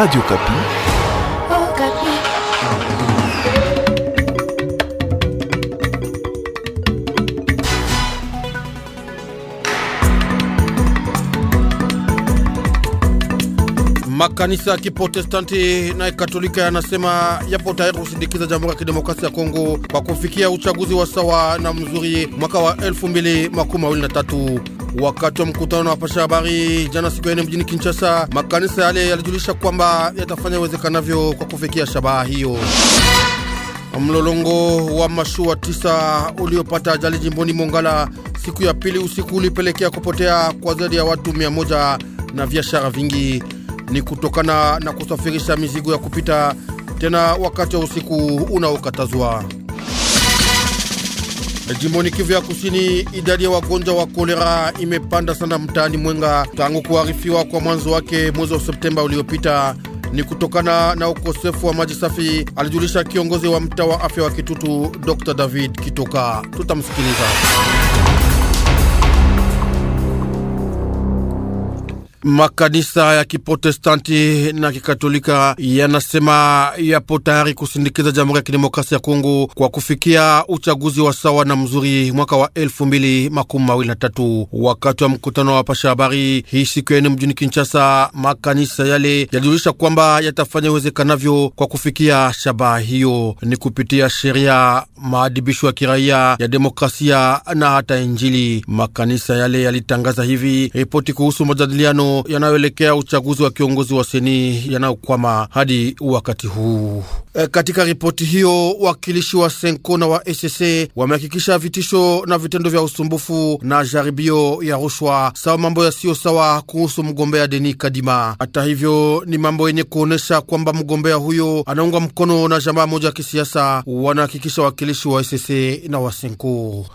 Radio Kapi. Oh, Kapi. Makanisa ya Kiprotestanti na Katolika yanasema yapo tayari kusindikiza Jamhuri ya Kidemokrasia ya Kongo kwa kufikia uchaguzi wa sawa na mzuri mwaka wa 2023. Wakati wa mkutano na wapasha habari jana siku ya mjini Kinshasa, makanisa yale yalijulisha kwamba yatafanya iwezekanavyo kwa kufikia shabaha hiyo. Mlolongo wa mashua tisa uliopata ajali jimboni Mongala siku ya pili usiku ulipelekea kupotea kwa zaidi ya watu mia moja na biashara vingi, ni kutokana na kusafirisha mizigo ya kupita tena wakati wa usiku unaokatazwa. Jimboni Kivu ya Kusini, idadi ya wagonjwa wa kolera imepanda sana mtaani Mwenga tangu kuharifiwa kwa mwanzo wake mwezi wa Septemba uliopita. Ni kutokana na ukosefu wa maji safi, alijulisha kiongozi wa mtaa wa afya wa Kitutu, Dr David Kitoka. Tutamsikiliza. Makanisa ya Kiprotestanti na Kikatolika yanasema yapo tayari kusindikiza Jamhuri ya Kidemokrasia ya Kongo kwa kufikia uchaguzi wa sawa na mzuri mwaka wa elfu mbili makumi mawili na tatu. Wakati wa mkutano wa wapasha habari hii siku ya mjini Kinshasa, makanisa yale yalijulisha kwamba yatafanya iwezekanavyo kwa kufikia shabaha hiyo, ni kupitia sheria, maadibisho ya kiraia ya demokrasia na hata Injili. Makanisa yale yalitangaza hivi ripoti kuhusu majadiliano yanayoelekea uchaguzi wa kiongozi wa seni yanayokwama hadi wakati huu. E, katika ripoti hiyo wakilishi wa Senko na wa ECC wamehakikisha vitisho na vitendo vya usumbufu na jaribio ya rushwa sawa mambo yasiyo sawa kuhusu mgombea Denis Kadima. Hata hivyo, ni mambo yenye kuonyesha kwamba mgombea huyo anaunga mkono na jamaa moja ya kisiasa, wanahakikisha wakilishi wa ECC na wa Senko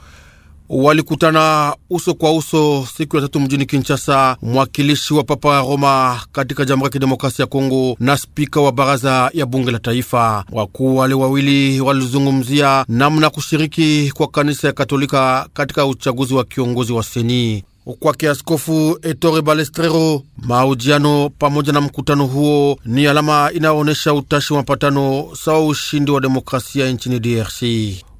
walikutana uso kwa uso siku ya tatu mjini Kinshasa, mwakilishi wa Papa ya Roma katika Jamhuri ya Kidemokrasia ya Kongo na spika wa baraza ya bunge la taifa. Wakuu wale wawili walizungumzia namna kushiriki kwa kanisa ya Katolika katika uchaguzi wa kiongozi wa seni kwake Askofu Ettore Balestrero. Mahojiano pamoja na mkutano huo ni alama inayoonyesha utashi wa mapatano sawa ushindi wa demokrasia nchini DRC.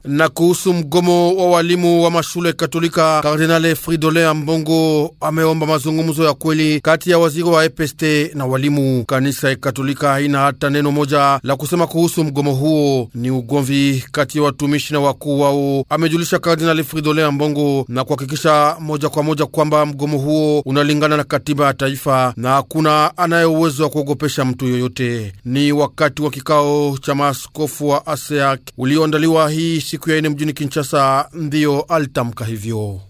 Na kuhusu mgomo wa walimu wa mashule Katolika, Kardinale Fridolin Ambongo ameomba mazungumzo ya kweli kati ya waziri wa EPST na walimu. Kanisa ya Katolika haina hata neno moja la kusema kuhusu mgomo huo, ni ugomvi kati ya watumishi na wakuu wao, amejulisha Kardinale Fridolin Ambongo, na kuhakikisha moja kwa moja kwamba mgomo huo unalingana na katiba ya taifa na hakuna anaye uwezo wa kuogopesha mtu yoyote. Ni wakati wa kikao cha maaskofu wa ASEAC ulioandaliwa hii siku ya ine mjini Kinshasa ndiyo alitamka hivyo.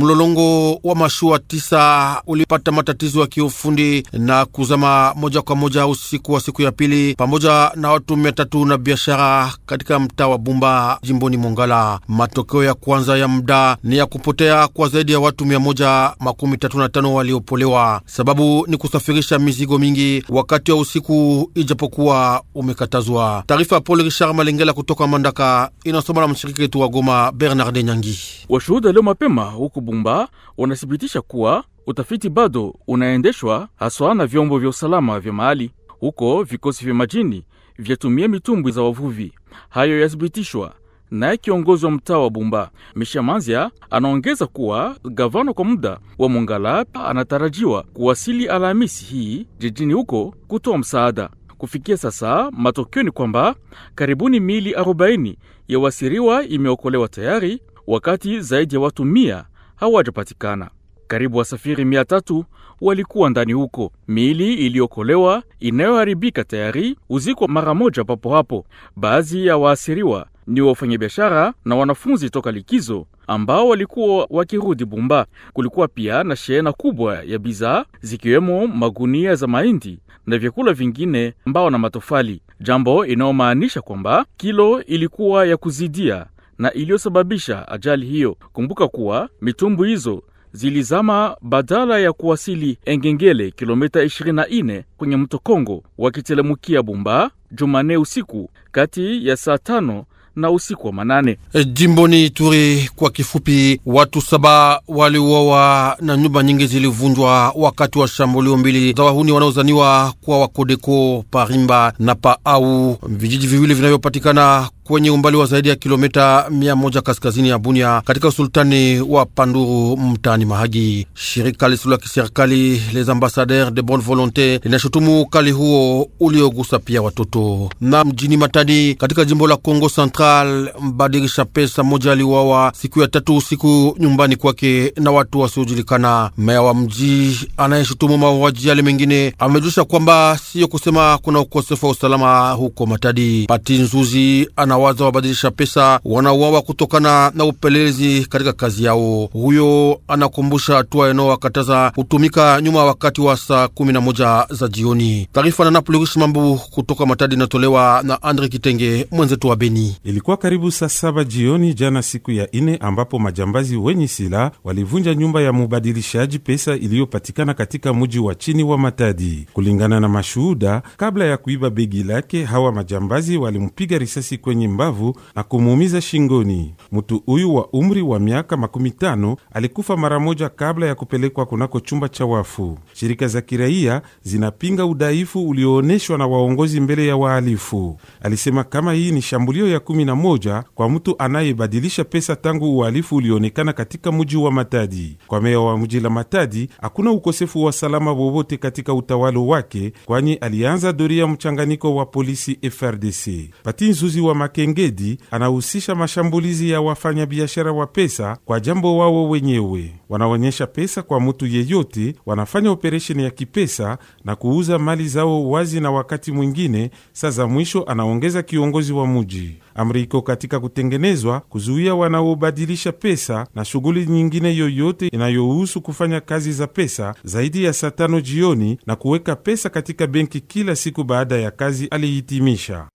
Mlolongo wa mashua tisa ulipata matatizo ya kiufundi na kuzama moja kwa moja usiku wa siku ya pili, pamoja na watu mia tatu na biashara katika mtaa wa Bumba jimboni Mongala. Matokeo ya kwanza ya muda ni ya kupotea kwa zaidi ya watu mia moja makumi tatu na tano waliopolewa. Sababu ni kusafirisha mizigo mingi wakati wa usiku, ijapokuwa umekatazwa. Taarifa ya Paul Richard Malengela kutoka Mandaka inasoma na mshiriki wetu wa Goma Bernard Nyangi. Washuhuda leo mapema huku Bumba wanathibitisha kuwa utafiti bado unaendeshwa haswa na vyombo vya usalama vya mahali huko. Vikosi vya majini vyatumia mitumbwi za wavuvi, hayo yathibitishwa naye kiongozi wa mtaa wa Bumba Misha Manzia anaongeza kuwa gavana kwa muda wa Mongala anatarajiwa kuwasili Alhamisi hii jijini huko kutoa msaada. Kufikia sasa, matokeo ni kwamba karibuni mili 40 ya wasiriwa imeokolewa tayari, wakati zaidi ya watu mia hawajapatikana. Karibu wasafiri mia tatu walikuwa ndani huko. Miili iliyokolewa inayoharibika tayari uzikwa mara moja papo hapo. Baadhi ya waasiriwa ni wafanyabiashara na wanafunzi toka likizo ambao walikuwa wakirudi Bumba. Kulikuwa pia na shehena kubwa ya bidhaa zikiwemo magunia za mahindi na vyakula vingine, mbao na matofali, jambo inayomaanisha kwamba kilo ilikuwa ya kuzidia na iliyosababisha ajali hiyo. Kumbuka kuwa mitumbwi hizo zilizama badala ya kuwasili Engengele, kilomita 24 kwenye mto Kongo, wakitelemukia Bumba Jumane usiku kati ya saa tano na usiku wa manane. Eh, jimboni Ituri kwa kifupi, watu saba waliuawa na nyumba nyingi zilivunjwa wakati wa shambulio mbili za wahuni wanaozaniwa kwa wakodeko Parimba na Paau, vijiji viwili vinavyopatikana kwenye umbali wa zaidi ya kilomita 100 kaskazini ya Bunia katika usultani wa Panduru mtaani Mahagi. Shirika lisilo la kiserikali Les Ambassadeurs de Bonne Volonté linashutumu ukali huo uliogusa pia watoto. Na mjini Matadi katika jimbo la Kongo Central, mbadilisha pesa moja aliuawa siku ya tatu usiku nyumbani kwake na watu wasiojulikana. Meya wa mji anayeshutumu mauaji yale mengine amejulisha kwamba siyo kusema kuna ukosefu wa usalama huko Matadi. Pati Nzuzi ana waza wabadilisha pesa wanauawa kutokana na upelelezi katika kazi yao. Huyo anakumbusha hatua inayowakataza kutumika nyuma wakati wa saa kumi na moja za jioni. Taarifa na Napulirishi Mambu kutoka Matadi inatolewa na Andre Kitenge, mwenzetu wa Beni. Ilikuwa karibu saa saba jioni jana, siku ya ine, ambapo majambazi wenye sila walivunja nyumba ya mubadilishaji pesa iliyopatikana katika muji wa chini wa Matadi. Kulingana na mashuhuda, kabla ya kuiba begi lake, hawa majambazi walimpiga risasi kwenye kwenye mbavu na kumuumiza shingoni. Mtu huyu wa umri wa miaka makumi tano alikufa mara moja kabla ya kupelekwa kunako chumba cha wafu. Shirika za kiraia zinapinga udhaifu ulioonyeshwa na waongozi mbele ya wahalifu. Alisema kama hii ni shambulio ya kumi na moja kwa mtu anayebadilisha pesa tangu uhalifu ulioonekana katika mji wa Matadi. Kwa meya wa mji la Matadi, hakuna ukosefu wa salama wowote katika utawalo wake, kwani alianza doria mchanganyiko wa polisi FRDC. Pati Nzuzi wa Makengedi anahusisha mashambulizi ya wafanyabiashara wa pesa kwa jambo wao wenyewe. Wanaonyesha pesa kwa mtu yeyote, wanafanya operesheni ya kipesa na kuuza mali zao wazi, na wakati mwingine saa za mwisho, anaongeza kiongozi wa muji. Amri iko katika kutengenezwa kuzuia wanaobadilisha pesa na shughuli nyingine yoyote inayohusu kufanya kazi za pesa zaidi ya saa tano jioni na kuweka pesa katika benki kila siku baada ya kazi, alihitimisha.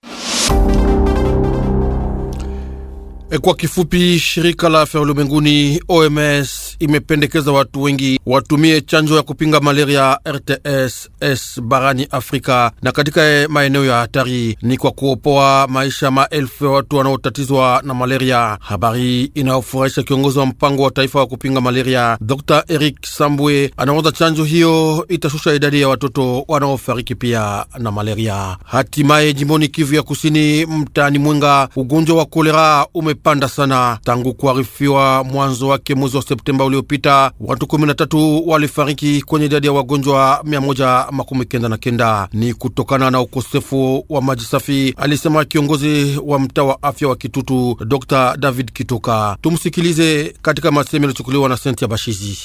Eh, kwa kifupi, shirika la afya ulimwenguni OMS imependekeza watu wengi watumie chanjo ya kupinga malaria rtss barani Afrika na katika eh, maeneo ya hatari, ni kwa kuopoa maisha maelfu ya watu wanaotatizwa na malaria. Habari inayofurahisha kiongozi wa mpango wa taifa wa kupinga malaria Dr Eric Sambwe anaoza chanjo hiyo itashusha idadi ya watoto wanaofariki pia na malaria. Hatimaye jimboni Kivu ya Kusini, mtaani Mwenga, ugonjwa wa kolera ume imepanda sana tangu kuarifiwa mwanzo wake mwezi wa Septemba uliopita. Watu 13 walifariki kwenye idadi ya wagonjwa 199. Ni kutokana na ukosefu wa maji safi, alisema kiongozi wa mtaa wa afya wa Kitutu Dr David Kitoka. Tumsikilize katika masemi yaliyochukuliwa na Sentia ya Bashizi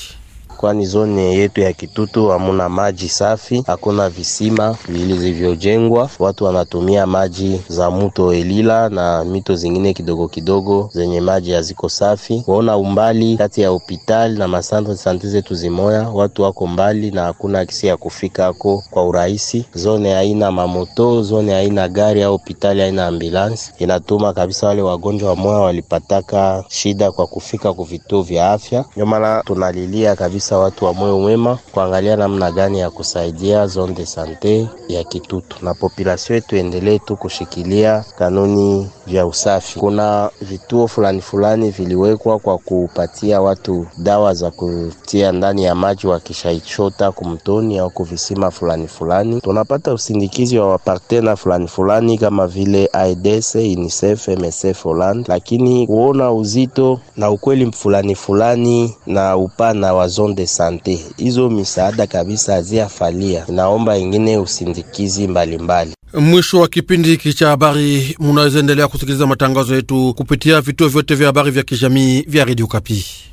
kwani zone yetu ya Kitutu hamuna maji safi, hakuna visima vilivyojengwa. Watu wanatumia maji za mto Elila na mito zingine kidogo kidogo zenye maji haziko safi. Waona umbali kati ya hospitali na masantre sante zetu zimoya, watu wako mbali na hakuna kisi ya kufika ako kwa urahisi. Zone haina mamoto, zone haina gari au hospitali haina ambulance, inatuma kabisa wale wagonjwa wamoya walipataka shida kwa kufika kwa vituo vya afya. Ndio maana tunalilia kabisa kabisa watu wa moyo mwema kuangalia namna gani ya kusaidia zone de sante ya Kitutu na population yetu endelee tu kushikilia kanuni vya usafi. Kuna vituo fulani fulani viliwekwa kwa kupatia watu dawa za kutia ndani ya maji wakishaichota kumtoni au kuvisima fulani fulani. Tunapata usindikizi wa wapartena fulani fulani kama vile AIDS, UNICEF, MSF Holland, lakini kuona uzito na ukweli fulani fulani na upana wa zone de sante. Hizo misaada kabisa haziafalia, naomba ingine usindikizi mbalimbali. Mwisho wa kipindi hiki cha habari, munaweza endelea kusikiliza matangazo yetu kupitia vituo vyote vya habari vya kijamii vya redio Kapi.